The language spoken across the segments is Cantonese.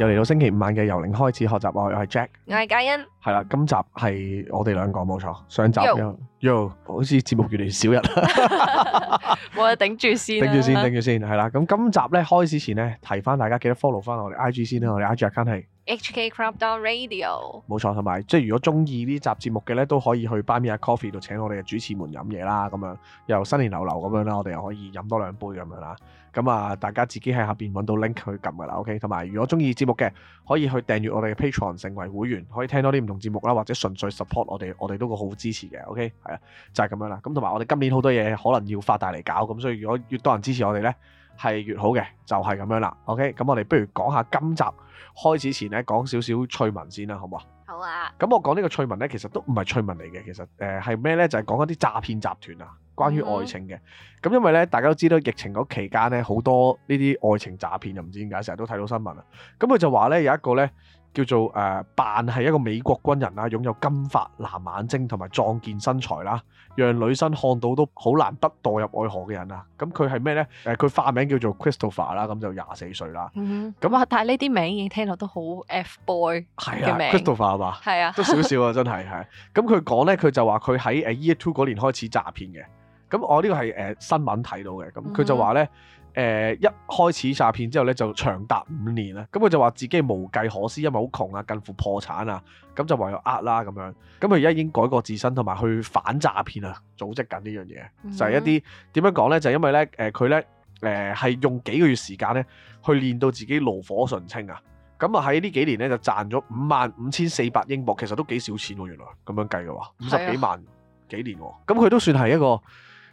又嚟到星期五晚嘅由零開始學習愛！我又係 Jack，我係嘉欣，係啦、嗯。今集係我哋兩個冇錯。上集 Yo.，Yo，好似節目越嚟越少人。 我哋頂住,、啊、住先，頂住先，頂住先。係啦，咁今集呢開始前呢，提翻大家記得 follow 翻我哋 IG 先啦，我哋 IG account 係。HKcrop.radio 冇錯，同埋，即係如果中意呢集節目嘅呢，都可以去 Buy Me A Coffee 度請我哋嘅主持們飲嘢啦，咁樣又新年流流咁樣啦，我哋又可以飲多兩杯咁樣啦。咁啊，大家自己喺下邊揾到 link 去撳嘅啦。OK，同埋如果中意節目嘅，可以去訂閲我哋嘅 Patreon 成為會員，可以聽多啲唔同節目啦，或者純粹 support 我哋，我哋都會好支持嘅。OK，係啊，就係、是、咁樣啦。咁同埋我哋今年好多嘢可能要發大嚟搞，咁所以如果越多人支持我哋呢。係越好嘅，就係、是、咁樣啦。OK，咁我哋不如講下今集開始前咧，講少少趣聞先啦，好唔好啊？好啊。咁我講呢個趣聞呢，其實都唔係趣聞嚟嘅，其實誒係咩呢？就係、是、講一啲詐騙集團啊，關於愛情嘅。咁、嗯、哼因為呢，大家都知道疫情嗰期間呢，好多呢啲愛情詐騙又唔知點解成日都睇到新聞啊。咁佢就話呢，有一個呢。叫做誒、呃、扮係一個美國軍人啦，擁有金髮、藍眼睛同埋壯健身材啦，讓女生看到都好難不墮入愛河嘅人啦。咁佢係咩呢？誒佢化名叫做 Christopher 啦，咁就廿四歲啦。咁啊，但係呢啲名已經聽落都好 F boy 嘅名。Christopher 係嘛？係啊，都少少啊，真係係。咁佢講呢，佢就話佢喺 Year Two 嗰年開始詐騙嘅。咁我呢個係誒新聞睇到嘅。咁佢就話呢。誒、呃、一開始詐騙之後咧，就長達五年啊！咁佢就話自己無計可施，因為好窮啊，近乎破產啊，咁就唯有呃啦咁樣。咁佢而家已經改過自身，同埋去反詐騙啊，組織緊呢樣嘢，就係一啲點樣講呢？就係因為呢，誒佢呢誒係用幾個月時間呢去練到自己爐火純青啊！咁啊喺呢幾年呢，就賺咗五萬五千四百英鎊，其實都幾少錢喎，原來咁樣計嘅話，五十幾萬幾年，咁佢、啊、都算係一個。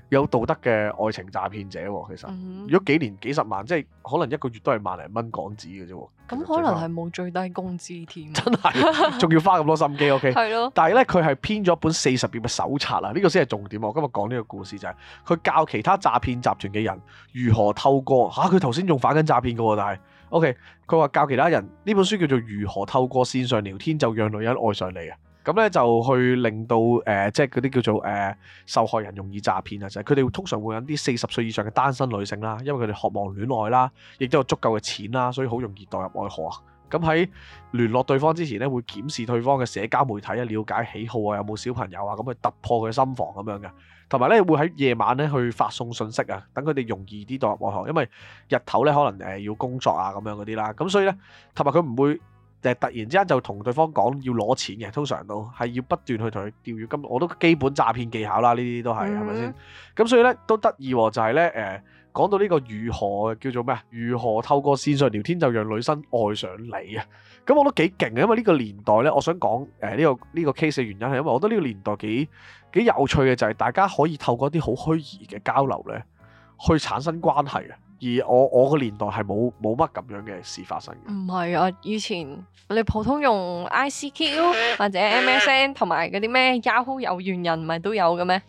有道德嘅愛情詐騙者喎，其實、嗯、哼如果幾年幾十萬，即係可能一個月都係萬零蚊港紙嘅啫喎。咁可能係冇最低工資添。真係，仲要花咁多心機。 OK？係咯。但係呢，佢係編咗一本四十頁嘅手冊啊！呢個先係重點。我今日講呢個故事就係，佢教其他詐騙集團嘅人如何透過吓，佢頭先仲反緊詐騙嘅喎，但係 OK。佢話教其他人呢本書叫做如何透過線上聊天就讓女人愛上你啊。咁咧就去令到誒，即係嗰啲叫做誒受害人容易詐騙啊！就係佢哋通常會有啲四十歲以上嘅單身女性啦，因為佢哋渴望戀愛啦，亦都有足夠嘅錢啦，所以好容易墮入愛河啊！咁喺聯絡對方之前咧，會檢視對方嘅社交媒體啊，瞭解喜好啊，有冇小朋友啊，咁去突破佢心防咁樣嘅。同埋咧，會喺夜晚咧去發送信息啊，等佢哋容易啲墮入愛河，因為日頭咧可能誒要工作啊咁樣嗰啲啦。咁所以咧，同埋佢唔會。突然之間就同對方講要攞錢嘅，通常都係要不斷去同佢釣魚金，咁我都基本詐騙技巧啦，呢啲都係，係咪先？咁所以呢，都得意喎，就係呢，誒講到呢個如何叫做咩啊？如何透過線上聊天就讓女生愛上你啊？咁我都幾勁嘅，因為呢個年代呢，我想講誒呢個呢個 case 嘅原因係因為我覺得呢個年代幾幾有趣嘅就係大家可以透過一啲好虛擬嘅交流呢，去產生關係啊。而我我個年代係冇冇乜咁樣嘅事發生嘅。唔係啊，以前你普通用 I C Q 或者 M S N 同埋嗰啲咩 Yahoo 有緣人，唔係都有嘅咩？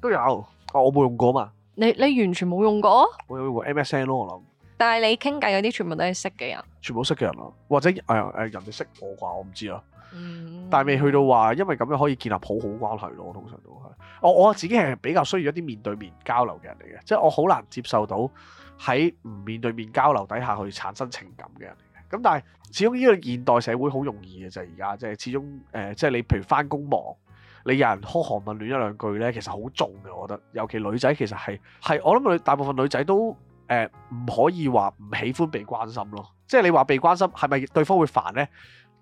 都有，啊我冇用過嘛。你你完全冇用過？我有用過 M S N 咯，我諗。但係你傾偈嗰啲全部都係識嘅人，全部識嘅人啊，或者係誒、哎、人哋識我啩，我唔知啊。嗯。但係未去到話，因為咁樣可以建立好好關係咯。通常都係，我我自己係比較需要一啲面對面交流嘅人嚟嘅，即係我好難接受到。喺唔面對面交流底下去產生情感嘅人嚟嘅，咁但係始終呢個現代社會好容易嘅就係而家，即係始終誒，即係你譬如返工忙，你有人呵寒問暖一兩句呢，其實好重嘅，我覺得。尤其女仔其實係係，我諗大部分女仔都呃、唔可以話唔喜歡被關心咯。即係你話被關心係咪對方會煩呢？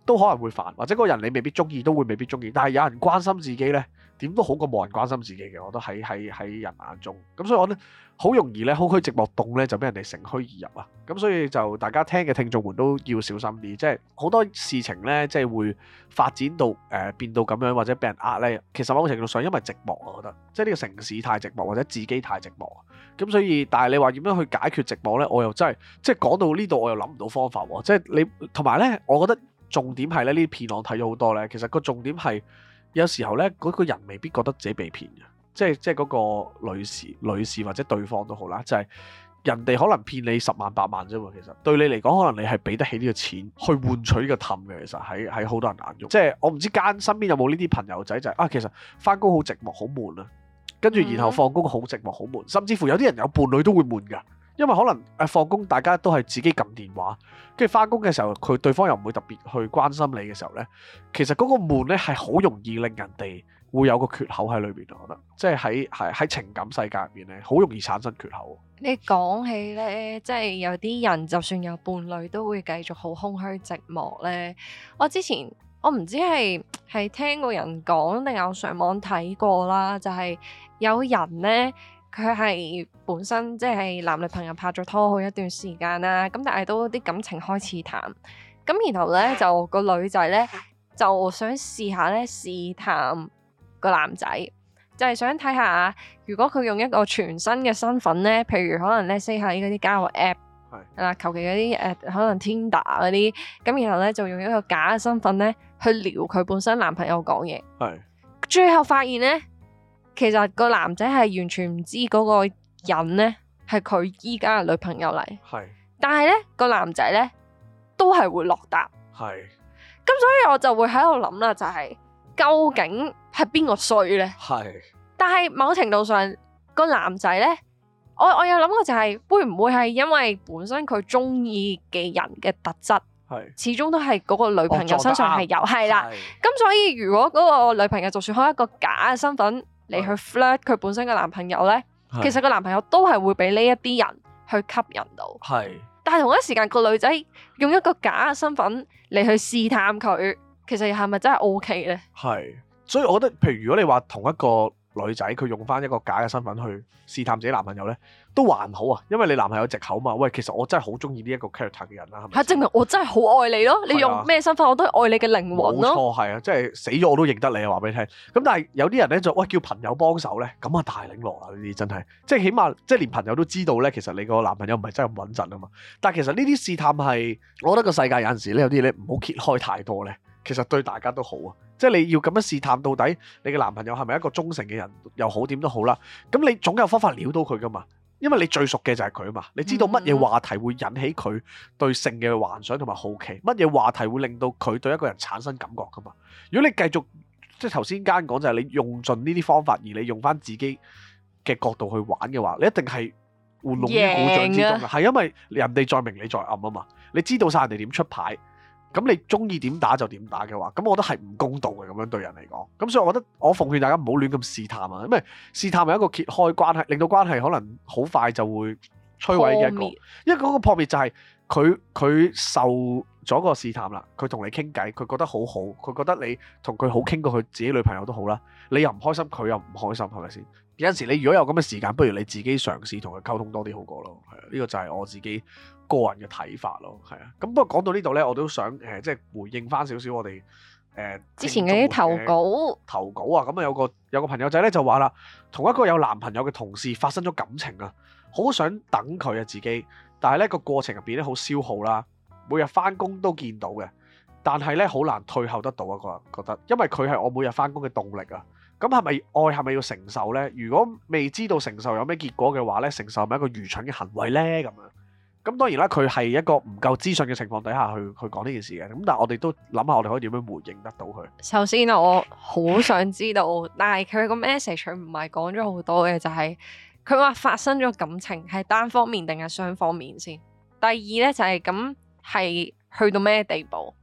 都可能會煩，或者個人你未必中意都會未必中意。但係有人關心自己呢，點都好過冇人關心自己嘅，我都喺喺喺人眼中咁，所以我咧好容易咧空虛寂寞凍咧就俾人哋乘虛而入啊！咁所以就大家聽嘅聽眾們都要小心啲，即係好多事情咧即係會發展到誒、呃、變到咁樣或者俾人呃咧。其實某程度上因為寂寞我覺得即係呢個城市太寂寞或者自己太寂寞咁，所以但係你話點樣去解決寂寞咧？我又真係即係講到呢度我又諗唔到方法喎。即、就、係、是、你同埋咧，我覺得重點係咧呢啲片我睇咗好多咧，其實個重點係。有時候呢，嗰個人未必覺得自己被騙嘅，即係即係嗰個女士、女士或者對方都好啦，就係、是、人哋可能騙你十萬八萬啫喎，其實對你嚟講，可能你係俾得起呢個錢去換取呢個氹嘅，其實喺喺好多人眼中，即係我唔知間身邊有冇呢啲朋友仔就係、是、啊，其實翻工好寂寞好悶啊，跟住然後放工好寂寞好悶，甚至乎有啲人有伴侶都會悶噶。因為可能誒放工大家都係自己撳電話，跟住翻工嘅時候佢對方又唔會特別去關心你嘅時候呢，其實嗰個悶呢係好容易令人哋會有個缺口喺裏邊，我覺得即係喺喺情感世界入面咧，好容易產生缺口。你講起呢，即係有啲人就算有伴侶都會繼續好空虛寂寞呢。我之前我唔知係係聽過人講，定有上網睇過啦，就係有人呢。佢係本身即係男女朋友拍咗拖好一段時間啦，咁但係都啲感情開始淡，咁然後咧就個女仔咧就想試下咧試探個男仔，就係、是、想睇下如果佢用一個全新嘅身份咧，譬如可能咧 say 下依嗰啲交友 app 係嗱求其嗰啲誒可能 Tinder 嗰啲，咁然後咧就用一個假嘅身份咧去撩佢本身男朋友講嘢，係是最後發現咧。其實個男仔係完全唔知嗰個人咧係佢依家嘅女朋友嚟，係是。但係咧個男仔咧都係會落答，係是。咁所以我就會喺度諗啦，就係究竟係邊個衰咧？係是。但係某程度上個男仔咧，我我有諗過就係、是、會唔會係因為本身佢中意嘅人嘅特質係，是始終都係嗰個女朋友身上係有係是是啦。咁所以如果嗰個女朋友就算開一個假嘅身份。嚟去 flirt 佢本身嘅男朋友咧，是其實個男朋友都係會俾呢一啲人去吸引到，係是，但係同一時間個女仔用一個假嘅身份嚟去試探佢，其實係咪真係 OK 咧？係，所以我覺得譬如如果你話同一個。女仔佢用翻一個假嘅身份去試探自己男朋友呢，都還好啊，因為你男朋友藉口嘛。喂，其實我真係好中意呢一個 character 嘅人啦、啊。係咪，證明我真係好愛你咯。你用咩身份我都係愛你嘅靈魂咯。冇錯，係啊，即係死咗我都認得你啊，話俾你聽。咁但係有啲人呢，就喂叫朋友幫手呢。咁啊太凌落啦，呢啲真係，即係起碼即係連朋友都知道呢。其實你個男朋友唔係真係咁穩陣啊嘛。但係其實呢啲試探係，我覺得個世界有陣時呢，有啲嘢唔好揭開太多呢。其實對大家都好啊，即係你要咁樣試探到底你嘅男朋友係咪一個忠誠嘅人又好，點都好啦。咁你總有方法撩到佢噶嘛？因為你最熟嘅就係佢嘛，你知道乜嘢話題會引起佢對性嘅幻想同埋好奇，乜嘢話題會令到佢對一個人產生感覺噶嘛？如果你繼續即係頭先嘉欣講，就係你用盡呢啲方法，而你用翻自己嘅角度去玩嘅話，你一定係玩弄於股掌之中嘅。係了因為人哋再明，你再暗啊嘛。你知道晒人哋點出牌。咁你中意點打就點打嘅話，咁我覺得係唔公道嘅，咁樣對人嚟講。咁所以我覺得我奉勸大家唔好亂咁試探啊，因為試探係一個揭開關係，令到關係可能好快就會摧毀嘅一個。破滅。因為嗰個破滅就係佢佢受咗個試探啦，佢同你傾偈，佢覺得好好，佢覺得你同佢好傾過佢自己女朋友都好啦。你又唔開心，佢又唔開心，係咪先？有陣時你如果有咁嘅時間，不如你自己嘗試同佢溝通多啲好過咯。係啊，呢個就係我自己。個人嘅睇法咯，係啊，咁不過講到呢度呢，我都想誒、呃、即係回應返少少我哋誒、呃、之前嘅啲投稿投稿啊，咁、嗯、啊有個有個朋友仔呢，就話啦，同一個有男朋友嘅同事發生咗感情啊，好想等佢啊自己，但係呢個過程入邊咧好消耗啦，每日返工都見到嘅，但係呢，好難退後得到啊，個人覺得，因為佢係我每日返工嘅動力啊，咁係咪愛係咪要承受呢？如果未知道承受有咩結果嘅話呢，承受咪一個愚蠢嘅行為呢？咁樣。咁當然啦，佢係一個唔夠資訊嘅情況底下去去講呢件事嘅。咁但係我哋都諗下，我哋可以點樣回應得到佢？首先啊，我好想知道，但係佢個 message 唔係講咗好多嘅，就係佢話發生咗感情係單方面定係雙方面先。第二咧就係咁係去到咩地步？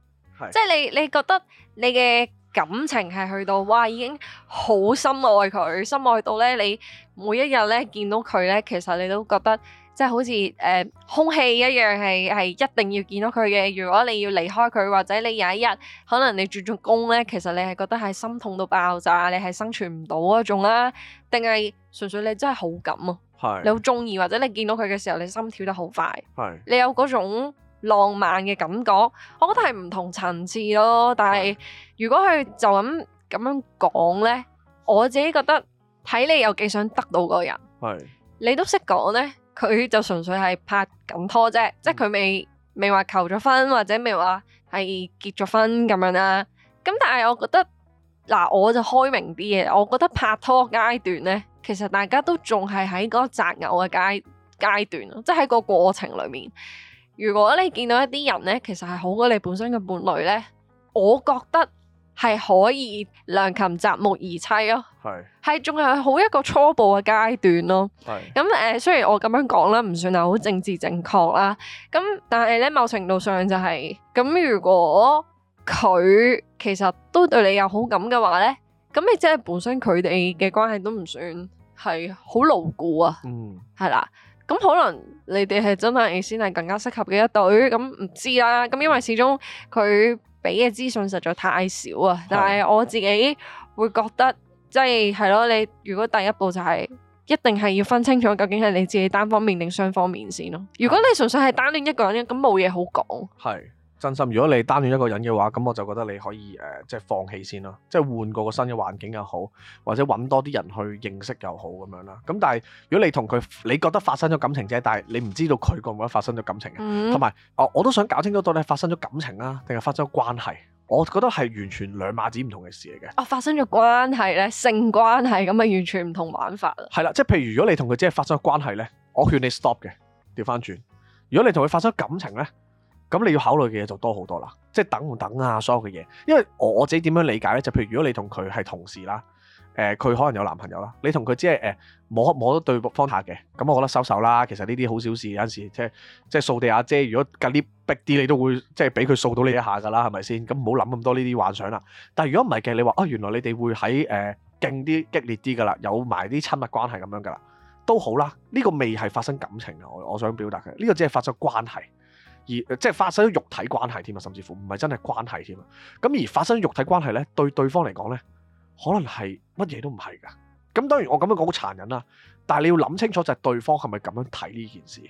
即係你你覺得你嘅感情係去到哇已經好深愛佢，深愛到咧你每一日咧見到佢咧，其實你都覺得。即係好似誒，空氣一樣，係係一定要見到佢嘅。如果你要離開佢，或者你有一日可能你轉咗工咧，其實你係覺得係心痛到爆炸，你係生存唔到嗰種啦，定係純粹你真係好感啊？係你好中意，或者你見到佢嘅時候，你心跳得好快，係你有嗰種浪漫嘅感覺。我覺得係唔同層次咯。但係如果佢就咁咁樣講咧，我自己覺得睇你有幾想得到嗰個人，係你都識講咧。佢就純粹係拍緊拖啫，即係佢未未話求咗婚，或者未話係結咗婚咁樣啦。咁但係我覺得，嗱我就開明啲嘅，我覺得拍拖階段呢，其實大家都仲係喺嗰個擇偶嘅階階段咯，即係喺個過程裏面。如果你見到一啲人呢，其實係好過你本身嘅伴侶呢，我覺得。係可以良禽擇木而棲咯，係係仲係好一個初步嘅階段咯。咁誒是，雖然我咁樣講啦，唔算係好政治正確啦。咁但係咧，某程度上就係、是、咁。如果佢其實都對你有好感嘅話咧，咁你即係本身佢哋嘅關係都唔算係好牢固啊。嗯，係啦。咁可能你哋係真係先係更加適合嘅一對。咁唔知啦。咁因為始終佢。俾嘅資訊實在太少啊！但係我自己會覺得，即係係咯，你如果第一步就係、是、一定係要分清楚，究竟係你自己單方面定雙方面先咯、啊。如果你純粹係單戀一個人嘅，咁冇嘢好講。係。真心，如果你單戀一個人嘅話，咁我就覺得你可以誒、呃，即係放棄先咯，即係換過個新嘅環境又好，或者揾多啲人去認識又好咁樣啦。咁但係如果你同佢，你覺得發生咗感情啫，但係你唔知道佢覺唔覺得發生咗感情嘅，同埋、嗯哦、我都想搞清楚到底發生咗感情啦，定係發生咗關係？我覺得係完全兩碼子唔同嘅事嚟嘅。哦，發生咗關係咧，性關係咁啊，完全唔同玩法。係啦，即係譬如如果你同佢只係發生咗關係呢，我勸你 stop 嘅，調翻轉。如果你同佢發生感情呢。咁你要考慮嘅嘢就多好多啦，即係等唔等啊，所有嘅嘢。因為我自己點樣理解呢？就譬如如果你同佢係同事啦，誒、呃，佢可能有男朋友啦，你同佢只係誒、呃、摸摸咗對方下嘅，咁、嗯、我覺得收手啦。其實呢啲好小事，有陣時即係即係掃地阿、啊、姐，如果隔啲逼啲，你都會即係俾佢掃到你一下噶啦，係咪先？咁唔好諗咁多呢啲幻想啦。但係如果唔係嘅，你話啊，原來你哋會喺誒、呃、勁啲激烈啲噶啦，有埋啲親密關係咁樣噶啦，都好啦。呢、這個未係發生感情啊，我我想表達嘅，呢、這個只係發生關係。而即係發生咗肉體關係添啊，甚至乎唔係真係關係添啊。咁而發生咗肉體關係呢，對對方嚟講呢，可能係乜嘢都唔係噶。咁當然我咁樣講好殘忍啦，但係你要諗清楚就係對方係咪咁樣睇呢件事？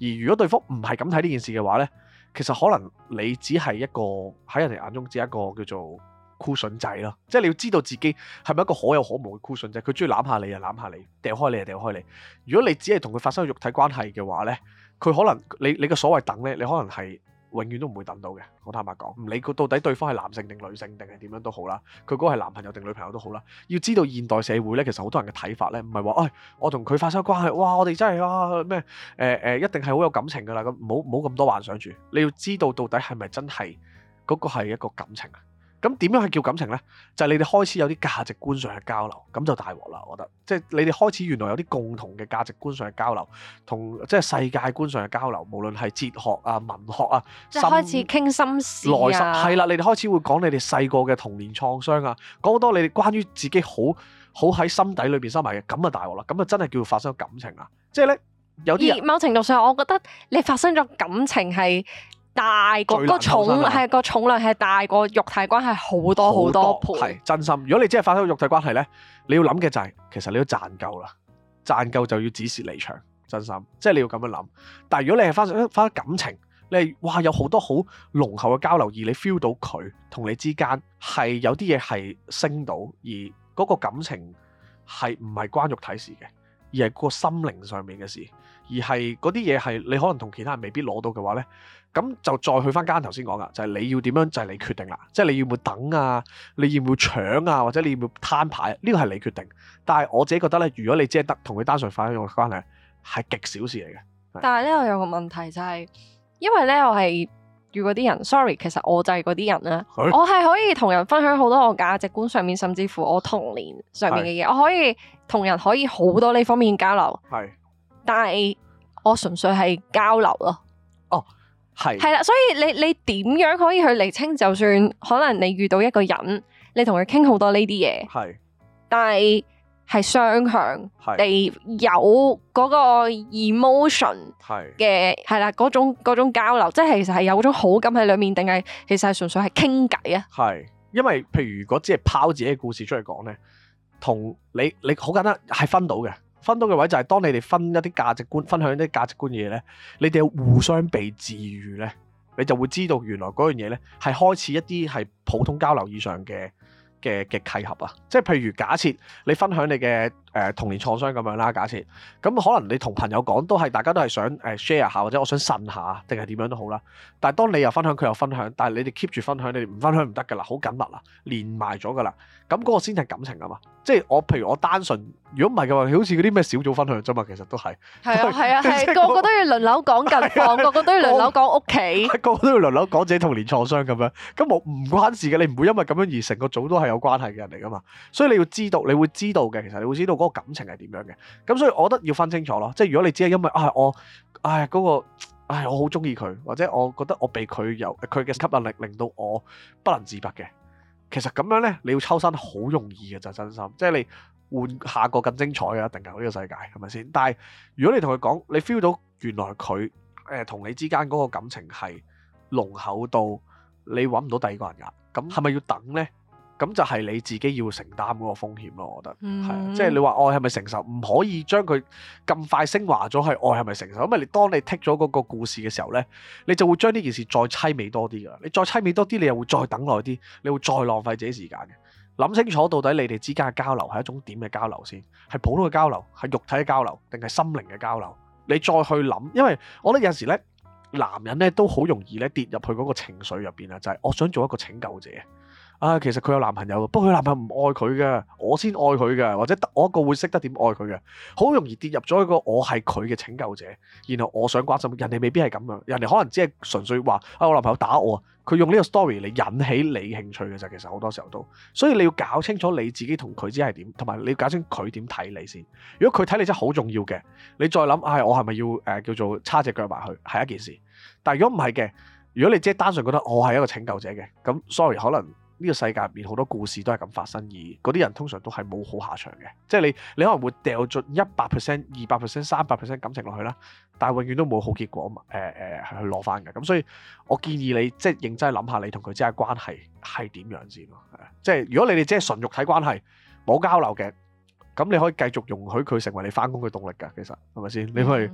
而如果對方唔係咁睇呢件事嘅話呢，其實可能你只係一個喺人哋眼中只係一個叫做箍筍仔咯。即係你要知道自己係咪一個可有可無嘅箍筍仔？佢中意攬下你啊，攬下你，掉開你啊，掉開你。如果你只係同佢發生肉體關係嘅話呢。佢可能你你嘅所謂等呢，你可能係永遠都唔會等到嘅。我坦白講，唔理佢到底對方係男性定女性定係點樣都好啦，佢嗰個係男朋友定女朋友都好啦。要知道現代社會呢，其實好多人嘅睇法呢，唔係話，哎，我同佢發生關係，哇，我哋真係啊咩？誒誒、呃呃，一定係好有感情噶啦。咁唔好咁多幻想住。你要知道到底係咪真係嗰、嗰個係一個感情啊？咁點樣係叫感情呢？就係你哋開始有啲價值觀上嘅交流，咁就大鑊啦！我覺得，即係你哋開始原來有啲共同嘅價值觀上嘅交流，同即係世界觀上嘅交流，無論係哲學啊、文學啊，即係開始傾心事、啊，內心係啦，你哋開始會講你哋細個嘅童年創傷啊，講好多你哋關於自己好好喺心底裏邊收埋嘅，咁啊大鑊啦！咁啊真係叫做發生感情啊！即係呢，有啲某程度上，我覺得你發生咗感情係。大個重係個的的重量係大過肉體關係好多好多倍，係真心。如果你真係發生肉體關係呢，你要諗嘅就係、是、其實你都賺夠啦，賺夠就要止蝕離場，真心。即係你要咁樣諗。但係如果你係發生誒發生感情，你係哇有好多好濃厚嘅交流，而你 feel 到佢同你之間係有啲嘢係升到，而嗰個感情係唔係關肉體事嘅，而係個心靈上面嘅事，而係嗰啲嘢係你可能同其他人未必攞到嘅話呢。咁就再去翻間頭先講噶，就係、是、你要點樣就係、是、你決定啦，即係你要唔要等啊，你要唔要搶啊，或者你要唔要攤牌，呢個係你決定。但係我自己覺得咧，如果你只係得同佢單純發生個關係，係極小事嚟嘅。但係咧，我有個問題就係、是，因為咧我係如果啲人，sorry，其實我就係嗰啲人啦，是我係可以同人分享好多我價值觀上面，甚至乎我童年上面嘅嘢，是我可以同人可以好多呢方面交流，係是。但係我純粹係交流咯。係係啦，所以你你點樣可以去厘清？就算可能你遇到一個人，你同佢傾好多呢啲嘢，係的，但係係雙向的你有嗰個 emotion 係嘅，係啦嗰種嗰種交流，即係其實係有嗰種好感喺裏面，定係其實係純粹係傾偈啊？係，因為譬如如果只係拋自己嘅故事出嚟講咧，同你你好簡單係分到嘅。分到嘅位就係當你哋分一啲價值觀，分享一啲價值觀觀嘢咧，你哋互相被治愈咧，你就會知道原來嗰樣嘢咧，係開始一啲係普通交流以上嘅。嘅嘅契合啊，即係譬如假設你分享你嘅誒、呃、童年創傷咁樣啦，假設咁可能你同朋友講都係大家都係想誒 share 下或者我想呻下定係點樣都好啦。但係當你又分享佢又分享，但係你哋 keep 住分享，你哋唔分享唔得㗎啦，好緊密啦，連埋咗㗎啦。咁嗰個先係感情啊嘛，即係我譬如我單純，如果唔係嘅話，好似嗰啲咩小組分享啫嘛，其實都係係啊係啊，係個個都要輪流講近況，個個都要輪流講屋企，個個都要輪流講自己童年創傷咁樣，咁我唔關事嘅，你唔會因為咁樣而成個組都係。有關係嘅人嚟噶嘛？所以你要知道，你會知道嘅。其實你會知道嗰個感情係點樣嘅。咁所以我覺得要分清楚咯。即係如果你只係因為啊、哎，我唉嗰、哎嗰個唉、哎，我好中意佢，或者我覺得我被佢由佢嘅吸引力令到我不能自拔嘅。其實咁樣呢，你要抽身好容易嘅就是、真心。即係你換下個更精彩嘅，一定嘅呢、呢個世界係咪先？但係如果你同佢講，你 feel 到原來佢誒同你之間嗰個感情係濃厚到你搵唔到第二個人噶咁，係咪要等呢？咁就係你自己要承擔嗰個風險咯，我覺得，係、嗯、即係你話愛係咪承受？唔可以將佢咁快升華咗係愛係咪承受？因為你當你剔咗嗰個故事嘅時候呢，你就會將呢件事再悽美多啲嘅。你再悽美多啲，你又會再等耐啲，你會再浪費自己時間嘅。諗清楚到底你哋之間嘅交流係一種點嘅交流先？係普通嘅交流，係肉體嘅交流，定係心靈嘅交流？你再去諗，因為我覺得有時呢，男人呢都好容易咧跌入去嗰個情緒入邊啊，就係、是、我想做一個拯救者。啊，其實佢有男朋友，不過佢男朋友唔愛佢嘅，我先愛佢嘅，或者得我一個會識得點愛佢嘅，好容易跌入咗一個我係佢嘅拯救者，然後我想關心人哋，未必係咁樣，人哋可能只係純粹話啊，我男朋友打我，佢用呢個 story 嚟引起你興趣嘅啫、就是。其實好多時候都，所以你要搞清楚你自己同佢之間係點，同埋你要搞清佢點睇你先。如果佢睇你真係好重要嘅，你再諗啊，我係咪要誒、呃、叫做叉隻腳埋去係一件事？但係如果唔係嘅，如果你即係單純覺得我係一個拯救者嘅，咁 sorry 可能。呢個世界入邊好多故事都係咁發生，而嗰啲人通常都係冇好下場嘅。即係你，你可能會掉進一百 percent、二百 percent、三百 percent 感情落去啦，但係永遠都冇好結果啊嘛、呃呃。去攞翻嘅。咁所以，我建議你即係認真諗下，你同佢之間關係係點樣先咯。即係如果你哋即係純肉體關係，冇交流嘅，咁你可以繼續容許佢成為你翻工嘅動力㗎。其實係咪先？你可以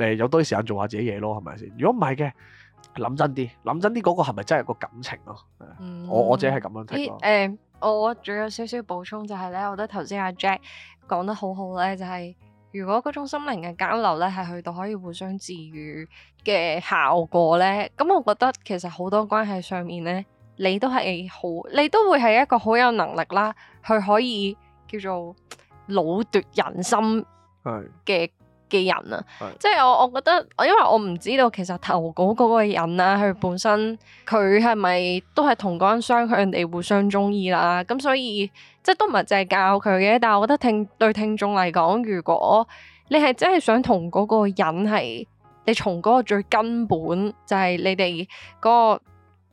呃有多啲時間做下自己嘢咯，係咪先？如果唔係嘅，諗真啲，諗真啲嗰個係咪真係個感情咯？我我自己係咁樣睇。誒，我仲有少少補充就係咧，我覺得頭先阿 Jack 講得好好咧，就係如果嗰種心靈嘅交流咧，係去到可以互相治癒嘅效果咧，咁我覺得其實好多關係上面咧，你都係好，你都會係一個好有能力啦，去可以叫做擄奪人心嘅。嘅人啊，的即係我，我覺得，因為我唔知道其實投稿嗰個人啊，佢本身佢係咪都係同肝傷人哋互相中意啦，咁所以即係都唔係淨係教佢嘅。但係我覺得聽對聽眾嚟講，如果你係真係想同嗰個人係，你從嗰個最根本就係、是、你哋嗰個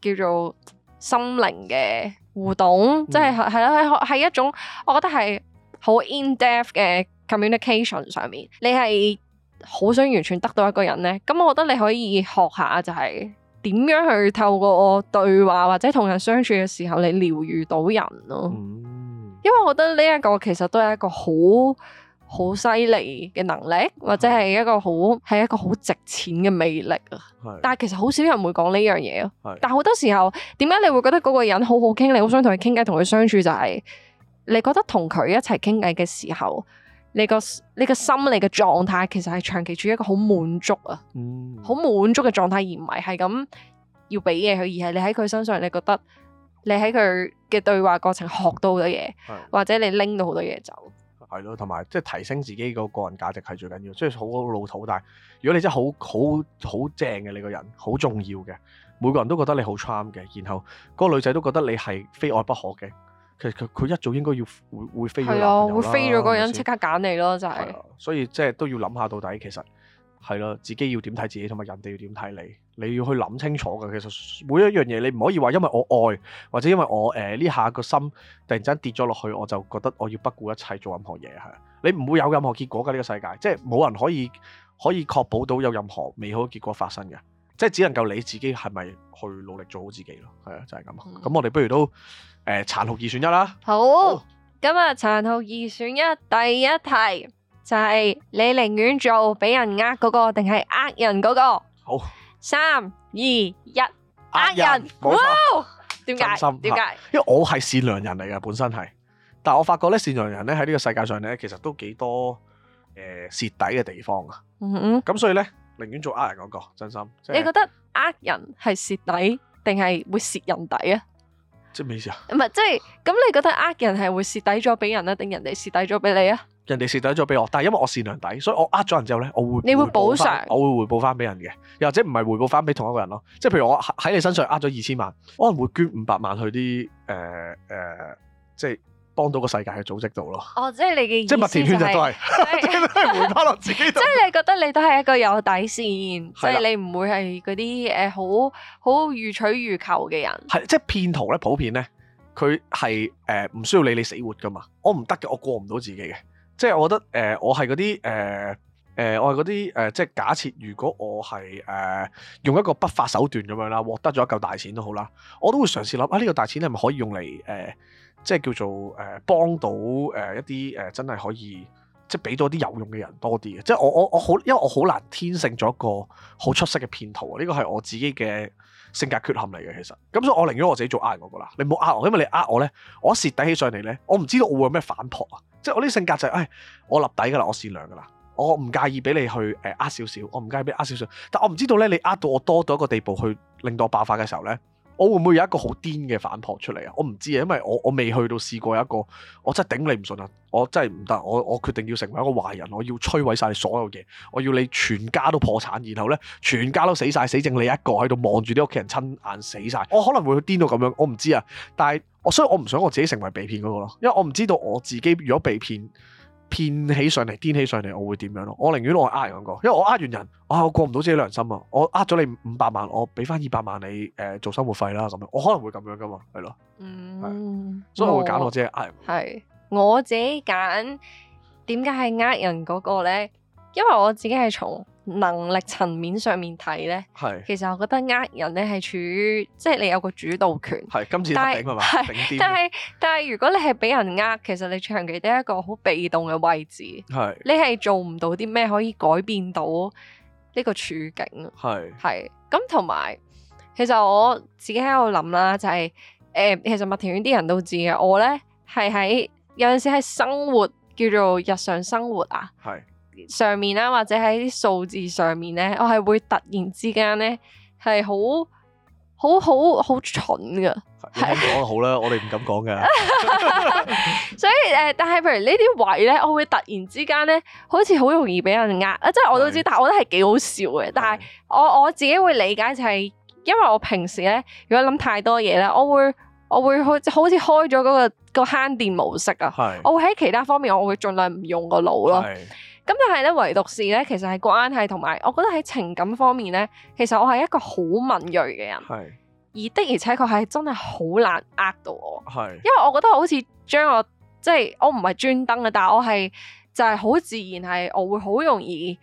叫做心靈嘅互動，嗯、即係係啦，係一種我覺得係好 in depth 嘅。Communication 上面，你係好想完全得到一個人呢。咁我覺得你可以學下，就係點樣去透過我對話或者同人相處嘅時候，你療癒到人咯。嗯、因為我覺得呢一個其實都係一個好好犀利嘅能力，或者係一個好係一個好值錢嘅魅力啊。是但係其實好少人會講呢樣嘢，但好多時候，點解你會覺得嗰個人好好傾，你好想同佢傾偈，同佢相處、就是，就係你覺得同佢一齊傾偈嘅時候。你個你個心理嘅狀態其實係長期處於一個好滿足啊，嗯、好滿足嘅狀態，而唔係係咁要俾嘢佢，而係你喺佢身上，你覺得你喺佢嘅對話過程學到好多嘢，嗯、或者你拎到好多嘢走。係咯，同埋即係提升自己個個人價值係最緊要，即係好老土，但係如果你真係好好好正嘅你個人，好重要嘅，每個人都覺得你好 charm 嘅，然後嗰個女仔都覺得你係非愛不可嘅。其實佢一早應該要會會飛咗個人，係啊，會飛咗個人，即刻揀你咯，就係、是。所以即係都要諗下到底，其實係咯，自己要點睇自己，同埋人哋要點睇你，你要去諗清楚嘅。其實每一樣嘢，你唔可以話因為我愛，或者因為我誒呢下個心突然間跌咗落去，我就覺得我要不顧一切做任何嘢。係你唔會有任何結果噶呢、這個世界，即係冇人可以可以確保到有任何美好嘅結果發生嘅。即係只能夠你自己係咪去努力做好自己咯？係啊，就係咁啊。咁我哋不如都。嗯誒，殘酷二選一啦！好，今日殘酷二選一，第一題就係你寧願做俾人呃嗰個，定係呃人嗰個？好，三二一，呃人！哇，點解？點解？因為我係善良人嚟嘅，本身係，但我發覺咧善良人咧喺呢個世界上咧，其實都幾多誒蝕底嘅地方啊。嗯嗯。咁所以咧，寧願做呃人嗰個，真心。你覺得呃人係蝕底，定係會蝕人底啊？即係咩意思啊？唔係，即係咁你覺得呃人係會蝕底咗俾人啊，定人哋蝕底咗俾你啊？人哋蝕底咗俾我，但係因為我善良底，所以我呃咗人之後咧，我會你會補償，我會回報翻俾人嘅，又或者唔係回報翻俾同一個人咯。即係譬如我喺你身上呃咗二千萬，我可能會捐五百萬去啲誒誒，即係。幫到個世界嘅組織度咯。哦，即係你嘅，意思、就是？即係麥田圈都就都、是、係， 即係都係唔會落自己即係你覺得你都係一個有底線，即係 你唔會係嗰啲誒好好予取予求嘅人。係，即係騙徒咧，普遍咧，佢係誒唔需要理你死活㗎嘛。我唔得嘅，我過唔到自己嘅。即係我覺得誒、呃，我係嗰啲誒誒，我係嗰啲誒，即係假設如果我係誒、呃、用一個不法手段咁樣啦，獲得咗一嚿大錢都好啦，我都會嘗試諗啊，呢、呢個大錢咧，係咪可以用嚟誒？呃即係叫做誒、呃、幫到誒、呃、一啲誒、呃、真係可以即係俾多啲有用嘅人多啲嘅，即係我我我好，因為我好難天性咗一個好出色嘅騙徒啊！呢個係我自己嘅性格缺陷嚟嘅，其實咁所以，我寧願我自己做呃人嗰個啦，你冇呃我，因為你呃我咧，我一蝕底起上嚟咧，我唔知道我會有咩反撲啊！即係我啲性格就係、是、誒，我立底㗎啦，我善良㗎啦，我唔介意俾你去誒呃少少，我唔介意俾你呃少少，但我唔知道咧，你呃到我多到一個地步去令到爆發嘅時候咧。我會唔會有一個好癲嘅反撲出嚟啊？我唔知啊，因為我我未去到試過有一個，我真係頂你唔順啊！我真係唔得，我我決定要成為一個壞人，我要摧毀晒你所有嘢，我要你全家都破產，然後呢，全家都死晒，死剩你一個喺度望住啲屋企人親眼死晒。我可能會癲到咁樣，我唔知啊。但係我所以我唔想我自己成為被騙嗰個咯，因為我唔知道我自己如果被騙。騙起上嚟，癲起上嚟，我會點樣咯？我寧願我呃人個，因為我呃完人，啊、我過唔到自己良心啊！我呃咗你五百萬，我俾翻二百萬你，誒、呃、做生活費啦咁樣，我可能會咁樣噶嘛，係咯，嗯，係，所以我會揀我自己呃人。係我自己揀，點解係呃人嗰個咧？因為我自己係從。能力層面上面睇咧，係是其實我覺得呃人咧，係處於即係你有個主導權，係今次頂係嘛，但係是吧但係如果你係俾人呃，其實你長期都係一個好被動嘅位置，係是你係做唔到啲咩可以改變到呢個處境，係係咁，同埋其實我自己喺度諗啦，就係、是、誒、呃、其實麥田圈啲人都知嘅，我咧係喺有陣時喺生活叫做日常生活啊，係。上面啦，或者喺啲數字上面咧，我係會突然之間咧係好好好好蠢噶。你唔講就好啦，我哋唔敢講噶。所以誒，但係譬如呢啲位咧，我會突然之間咧，好似好容易俾人呃，是即係我都知，但係我覺得係幾好笑嘅。是但係我我自己會理解就係，因為我平時咧如果諗太多嘢咧，我會我會好好似開咗嗰個嗰個慳電模式啊。係是，我會喺其他方面，我會盡量唔用個腦咯。咁但係咧，唯獨是咧，其實係關係同埋，我覺得喺情感方面咧，其實我係一個好敏銳嘅人，係是而的而且確係真係好難呃到我，係是因為我覺得好似將我即係、就是、我唔係專登嘅，但係我係就係好自然係，我會好容易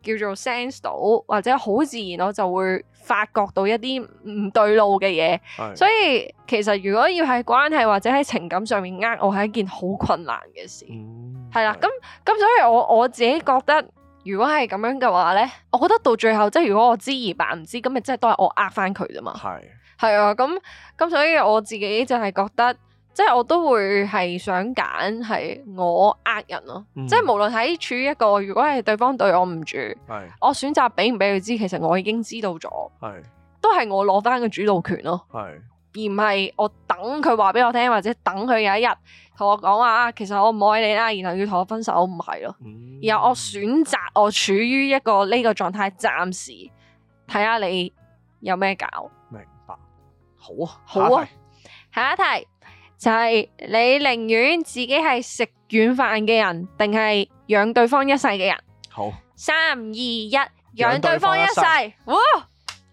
叫做 sense 到或者好自然我就會發覺到一啲唔對路嘅嘢，是所以其實如果要喺關係或者喺情感上面呃我，係一件好困難嘅事。是嗯係啦，咁咁、啊，所以我我自己覺得，如果係咁樣嘅話咧，我覺得到最後，即係如果我知而扮唔知，咁咪即係都係我呃翻佢啫嘛。係係是 啊，咁咁，所以我自己就係覺得，即係我都會係想揀係我呃人咯、啊，嗯、即係無論喺處於一個，如果係對方對我唔住，係是 我選擇俾唔俾佢知，其實我已經知道咗，係是 都係我攞翻個主導權咯、啊，係。而唔係我等佢話俾我聽，或者等佢有一日同我講話啊，其實我唔愛你啦，然後要同我分手，唔係咯。然後、嗯、我選擇我處於一個呢個狀態，暫時睇下你有咩搞。明白，好啊，好啊。下一題，下一題就係、是、你寧願自己係食軟飯嘅人，定係養對方一世嘅人？好，三二一，養對方一世。一哇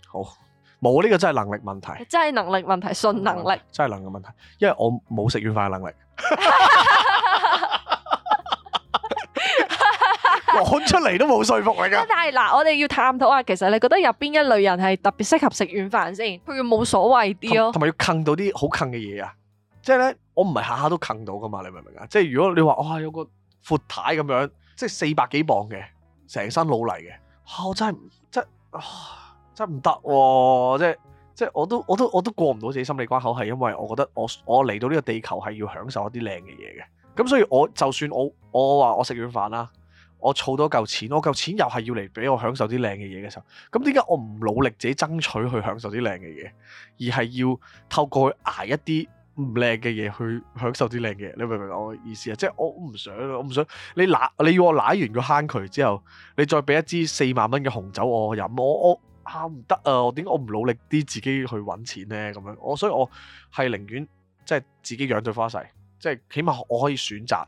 好。冇呢，這個真係能力問題，真係能力問題，信能力，真係能力，能力問題，因為我冇食軟飯嘅能力，講 出嚟都冇說服你噶。但係嗱，啊，我哋要探討下，其實你覺得有邊一類人係特別適合食軟飯先？佢要冇所謂啲咯，同埋要啃到啲好啃嘅嘢啊！即係咧，我唔係下下都啃到噶嘛，你明唔明啊？即、就、係、是、如果你話哇，哦，有個闊太咁樣，即、就、係、是、四百幾磅嘅，成身老泥嘅，吓，啊，我真係真啊！真唔得喎！即係即係，我都我都我都過唔到自己心理關口，係因為我覺得我我嚟到呢個地球係要享受一啲靚嘅嘢嘅。咁所以我就算我我話我食完飯啦，我儲多嚿錢，我嚿錢又係要嚟俾我享受啲靚嘅嘢嘅時候，咁點解我唔努力自己爭取去享受啲靚嘅嘢，而係要透過去捱一啲唔靚嘅嘢去享受啲靚嘅？你明唔明我意思啊？即係我唔想我唔想你攋你要我攋完個坑渠之後，你再俾一支四萬蚊嘅紅酒我飲，我我。啊唔得啊！啊我點解我唔努力啲自己去揾錢呢？咁樣我所以，我係寧願即係自己養對花細，即係起碼我可以選擇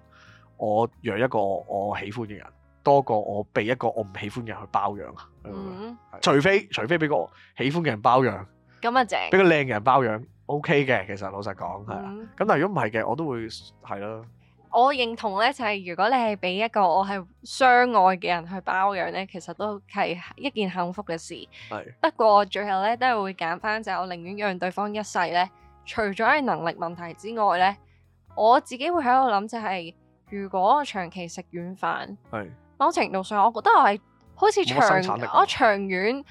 我養一個我喜歡嘅人，多過我被一個我唔喜歡嘅人去包養啊、嗯的！除非除非俾個喜歡嘅人包養，咁啊正俾個靚嘅人包養 OK 嘅，其實老實講係啦。咁、嗯、但係如果唔係嘅，我都會係咯。我認同咧，就係、係，如果你係俾一個我係相愛嘅人去包養咧，其實都係一件幸福嘅事。係係不過最後咧，都係會揀翻，就係我寧願讓對方一世咧，除咗係能力問題之外咧，我自己會喺度諗就係、係，如果我長期食軟飯，係某程度上我覺得我係好似長、啊、我長遠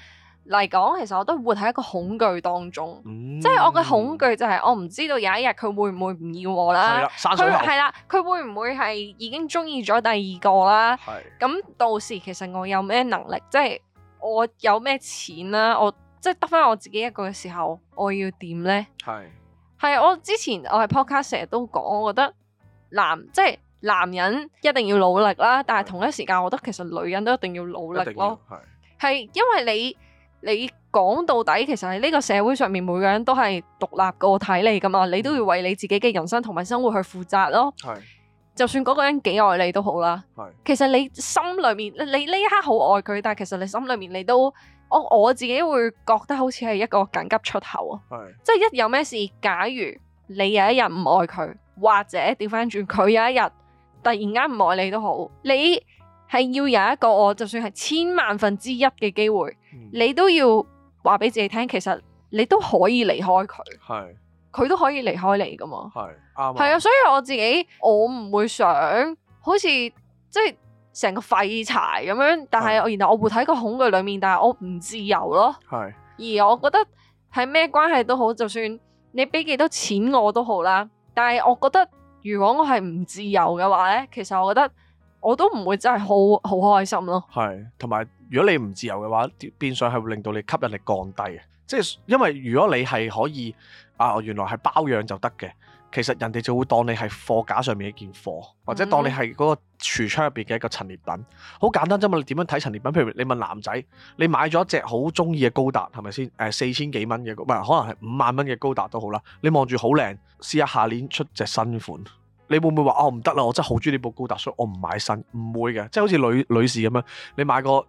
嚟講，其實我都活喺一個恐懼當中，嗯、即係我嘅恐懼就係我唔知道有一日佢會唔會唔要我啦，係啦、嗯，佢他會唔會係已經中意咗第二個啦？咁是到時其實我有咩能力，即係我有咩錢啦、啊？我即係得翻我自己一個嘅時候，我要點呢？係是，係我之前我喺 podcast 成日都講，我覺得男即係男人一定要努力啦，是但係同一時間我覺得其實女人都一定要努力咯，係，係因為你。你講到底，其實喺呢個社會上面，每個人都係獨立個體嚟噶嘛，你都要為你自己嘅人生同埋生活去負責咯。是就算嗰個人幾愛你都好啦。是其實你心裏面，你呢一刻好愛佢，但係其實你心裏面，你都我我自己會覺得好似係一個緊急出口啊。是即係一有咩事，假如你有一日唔愛佢，或者調翻轉佢有一日突然間唔愛你都好，你係要有一個，我就算係千萬分之一嘅機會。你都要話俾自己聽，其實你都可以離開佢，係佢是都可以離開你噶嘛，係係啊，所以我自己我唔會想，好似即係成個廢柴咁樣，但係我原來我會喺個恐懼裏面，但係我唔自由咯，係是而我覺得係咩關係都好，就算你俾幾多錢我都好啦，但係我覺得如果我係唔自由嘅話咧，其實我覺得。我都唔會真係好好開心咯。係，同埋如果你唔自由嘅話，變相係會令到你吸引力降低嘅。即係因為如果你係可以啊、呃，原來係包養就得嘅，其實人哋就會當你係貨架上面一件貨，或者當你係嗰個櫥窗入邊嘅一個陳列品。好、嗯、簡單啫嘛，你點樣睇陳列品？譬如你問男仔，你買咗一隻好中意嘅高達，係咪先？誒四千幾蚊嘅，唔係，可能係五萬蚊嘅高達都好啦。你望住好靚，試下下年出隻新款。你會唔會話，哦，唔得啦，我真係好中意呢部高達，所以我唔買新？唔會嘅，即係好似女女士咁樣，你買個誒、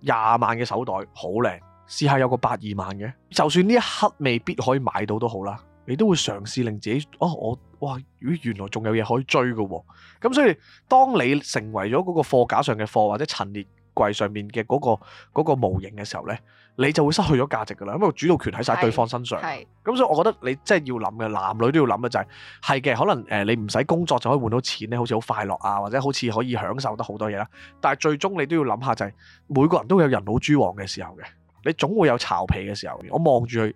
廿、呃、萬嘅手袋好靚，試下有個百二萬嘅，就算呢一刻未必可以買到都好啦，你都會嘗試令自己哦，我、哇、咦，原來仲有嘢可以追嘅喎、啊，咁所以當你成為咗嗰個貨架上嘅貨或者陳列櫃上面嘅嗰、嗰個嗰個模型嘅時候呢。你就會失去咗價值噶啦，因為主導權喺晒對方身上。咁、嗯、所以我覺得你真係要諗嘅，男女都要諗嘅就係係嘅，可能誒、呃、你唔使工作就可以換到錢咧，好似好快樂啊，或者好似可以享受得好多嘢啦、啊。但係最終你都要諗下就係、係、每個人都會有人老珠黃嘅時候嘅，你總會有巢皮嘅時候。我望住佢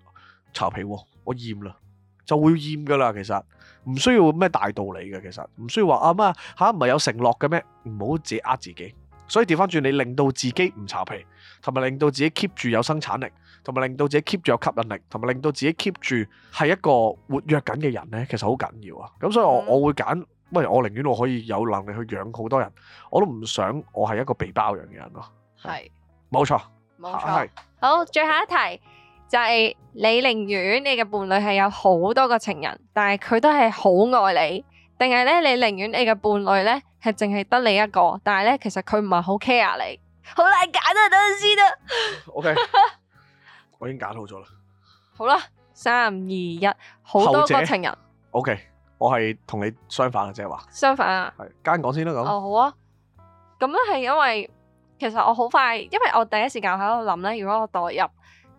巢皮喎、啊，我厭啦，就會厭噶啦。其實唔需要咩大道理嘅，其實唔需要話啊咩嚇唔係有承諾嘅咩，唔好自己呃自己。所以調翻轉，你令到自己唔查皮，同埋令到自己 keep 住有生產力，同埋令到自己 keep 住有吸引力，同埋令到自己 keep 住係一個活躍緊嘅人咧，其實好緊要啊！咁所以我、嗯、我會揀，不如我寧願我可以有能力去養好多人，我都唔想我係一個被包養嘅人咯。係，冇錯，冇錯。好，最後一題就係、是、你寧願你嘅伴侶係有好多個情人，但係佢都係好愛你，定係咧你寧願你嘅伴侶咧？係淨係得你一個，但係咧，其實佢唔係好 care 你，好難揀啊，等陣先啦、啊。O Okay , K， 我已經揀好咗啦。好啦，三二一，好多個情人。O、okay, K，我係同你相反，相反啊，即係話。相反啊，係，間講先啦，咁。哦，好啊。咁咧係因為其實我好快，因為我第一時間喺度諗咧，如果我代入，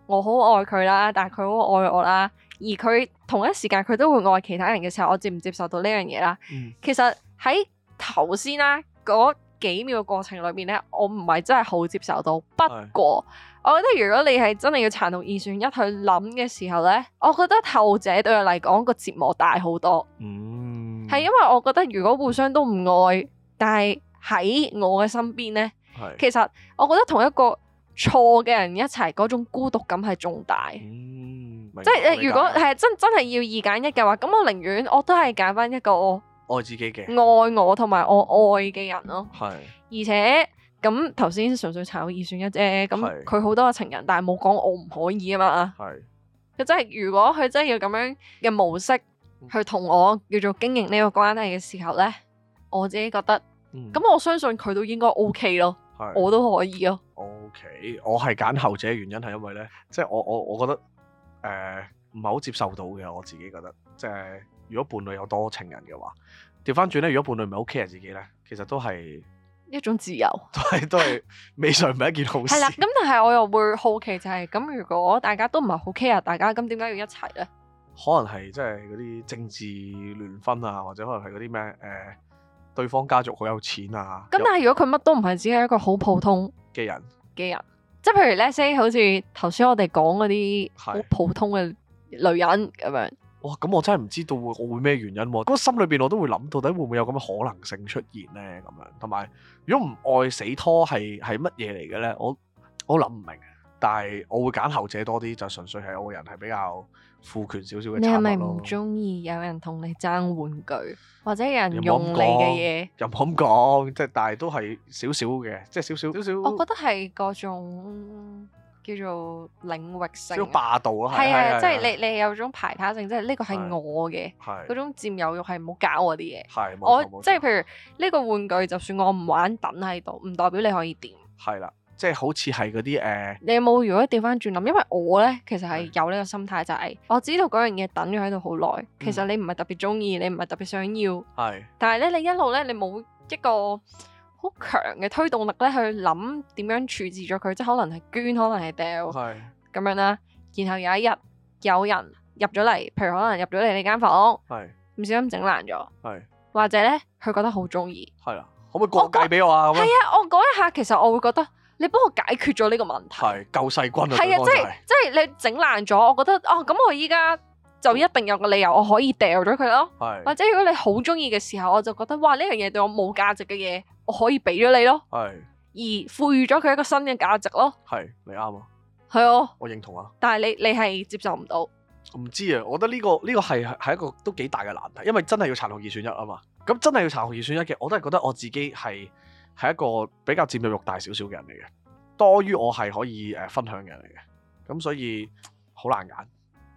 我好愛佢啦，但係佢好愛我啦，而佢同一時間佢都會愛其他人嘅時候，我接唔接受到呢樣嘢啦？嗯、其實喺。頭先咧，嗰幾秒嘅過程裏邊咧，我唔係真係好接受到。不過，是我覺得如果你係真係要殘酷二選一去諗嘅時候咧，我覺得後者對我嚟講嗰個折磨大好多。嗯，係因為我覺得如果互相都唔愛，但係喺我嘅身邊咧，是其實我覺得同一個錯嘅人一齊嗰種孤獨感係仲大。嗯，即係如果係真真係要二揀一嘅話，咁我寧願我都係揀翻一個愛自己嘅，愛我同埋我愛嘅人咯。係，而且咁頭先純粹炒二選一啫。咁佢好多嘅情人，但係冇講我唔可以啊嘛。係，佢真係如果佢真係要咁樣嘅模式去同我叫做經營呢個關係嘅時候咧，我自己覺得，咁我相信佢都應該 OK 咯。係，我都可以咯。OK，我係揀後者嘅原因係因為咧，即係我我我覺得誒唔係好接受到嘅，我自己覺得即係。如果伴侶有多情人嘅話，調翻轉咧，如果伴侶唔係好 care 自己咧，其實都係一種自由， 都係都係未嘗唔係一件好事。咁 但係我又會好奇就係、是，咁如果大家都唔係好 care 大家，咁點解要一齊咧？可能係即係嗰啲政治聯婚啊，或者可能係嗰啲咩誒對方家族好有錢啊。咁但係如果佢乜都唔係，只係一個好普通嘅人嘅人，即係人譬如 let's say 好似頭先我哋講嗰啲好普通嘅女人咁樣。哇，咁我真係唔知道會我會咩原因喎、啊。咁心裏邊我都會諗，到底會唔會有咁嘅可能性出現呢？咁樣同埋，如果唔愛死拖係係乜嘢嚟嘅呢？我我諗唔明。但係我會揀後者多啲，就純粹係我個人係比較負權少少嘅差，你係咪唔中意有人同你爭玩具，或者有人用你嘅嘢？又唔好咁講，即係但係都係少少嘅，即係少少少少。小小我覺得係嗰種。叫做領域性，霸道咯，係啊，即係、啊啊、你你有種排他性，即係呢個係我嘅，嗰是種佔有欲係唔好搞我啲嘢。我錯即係譬如呢、這個玩具，就算我唔玩，等喺度，唔代表你可以點。係啦，即係好似係嗰啲誒。呃、你有冇如果調翻轉諗？因為我咧其實係有呢個心態，就係、是、我知道嗰樣嘢等咗喺度好耐，其實你唔係特別鍾意、嗯，你唔係特別想要。係的。的但係咧，你一路咧，你冇一個。好強嘅推動力咧，去諗點樣處置咗佢，即係可能係捐，可能係掉，咁 Okay. 樣啦。然後有一日有人入咗嚟，譬如可能入咗嚟你間房間，唔是小心整爛咗，是或者咧佢覺得好中意，係啦、啊，可唔可以過界俾我啊？係說啊，我嗰一下其實我會覺得你幫我解決咗呢個問題，係救世軍啊，係啊，即係即係你整爛咗，我覺得哦，咁我依家。就一定有個理由我可以掉咗佢咯。是或者如果你好中意嘅時候，我就覺得哇，呢樣嘢對我冇價值嘅嘢，我可以俾咗你咯。是而賦予咗佢一個新嘅價值咯。係你啱啊。係啊，我認同啊。但係你你係接受唔到。唔知啊，我覺得呢個呢個係係一個都幾大嘅難題，因為真係要殘酷二選一啊嘛。咁真係要殘酷二選一嘅，我都係覺得我自己係係一個比較佔有欲大少少嘅人嚟嘅，多於我係可以誒分享嘅人嚟嘅，咁所以好難揀。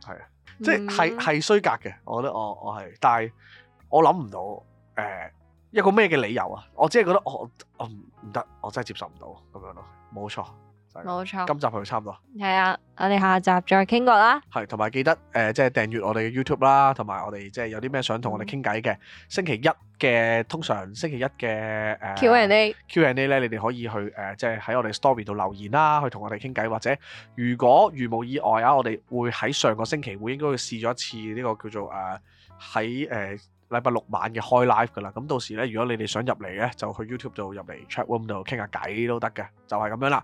係啊，即係，係衰格嘅，我覺得我我係，但係我諗唔到誒、呃、一個咩嘅理由啊！我只係覺得我我唔得，我真係接受唔到咁樣咯，冇錯。冇錯，今集係差唔多，係啊，我哋下集再傾過啦。係，同埋記得誒，即係訂閱我哋嘅 YouTube 啦，同埋我哋即係有啲咩想同我哋傾偈嘅，星期一嘅通常星期一嘅誒 Q&A，Q&A 咧，你哋可以去誒，即係喺我哋 Story 度留言啦，去同我哋傾偈，或者如果如無意外啊，我哋會喺上個星期會應該會試咗一次呢個叫做誒喺誒禮拜六晚嘅開 live 噶啦，咁到時咧，如果你哋想入嚟咧，就去 YouTube 度入嚟 Chat Room 度傾下偈都得嘅，就係咁樣啦。